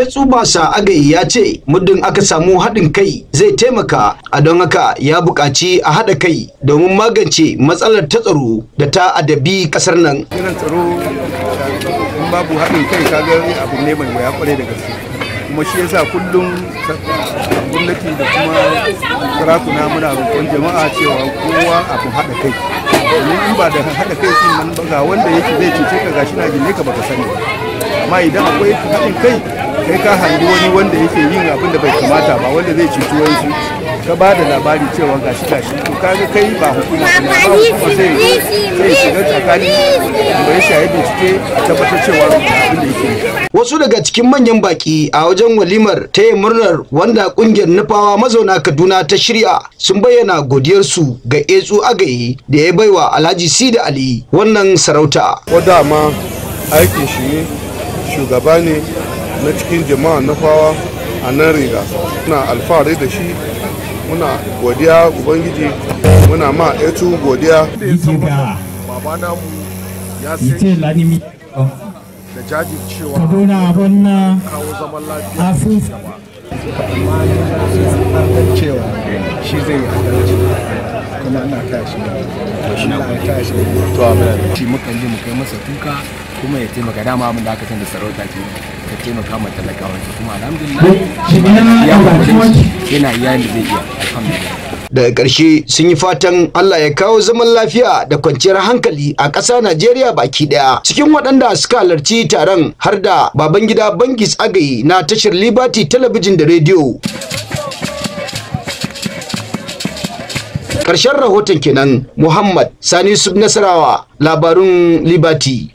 etsu eh, basa agai ya ce muddin aka samu haɗin kai zai taimaka a don haka ya buƙaci a haɗa kai domin magance matsalar ta tsaro da ta adabi ƙasar nan irin tsaro in babu haɗin kai kaga abu ne mai waya kware da gaske kuma shi yasa kullum gwamnati da kuma sarakuna muna roƙon jama'a cewa kowa abu haɗa kai domin in ba da haɗa kai sun nan ba ga wanda yake zai cece ka gashi na gine ka baka sani amma idan akwai haɗin kai kai ka hangi wani wanda yake yin abin da bai kamata ba wanda zai cuci wasu ka ba da labari cewa gashi gashi to ga kai ba hukuma ba kuma sai sai shiga tsakani bai shaye cike a tabbatar cewa abin da yake wasu daga cikin manyan baki a wajen walimar ta yi murnar wanda kungiyar nufawa mazauna kaduna ta shirya sun bayyana godiyarsu ga etsu agaye da ya baiwa alhaji sida ali wannan sarauta da ma aikin shi shugaba ne na cikin jama'a na fawa a nan riga muna alfahari da shi muna godiya ubangiji muna ma etu godiya baba namu ya sai da zaman lafiya cewa shi zai yi shi to shi muka mu kai masa tuka kuma ya taimaka dama abin da aka san da sarauta ke ta taimaka kuma alhamdulillah yana zai iya daga ƙarshe sun yi fatan Allah ya kawo zaman lafiya da kwanciyar hankali a ƙasa Najeriya baki ɗaya. Cikin waɗanda suka halarci taron har da Babangida Bangis Agai na tashar Liberty talabijin da rediyo. Ƙarshen rahoton kenan Muhammad Sani Nasarawa labarun Liberty.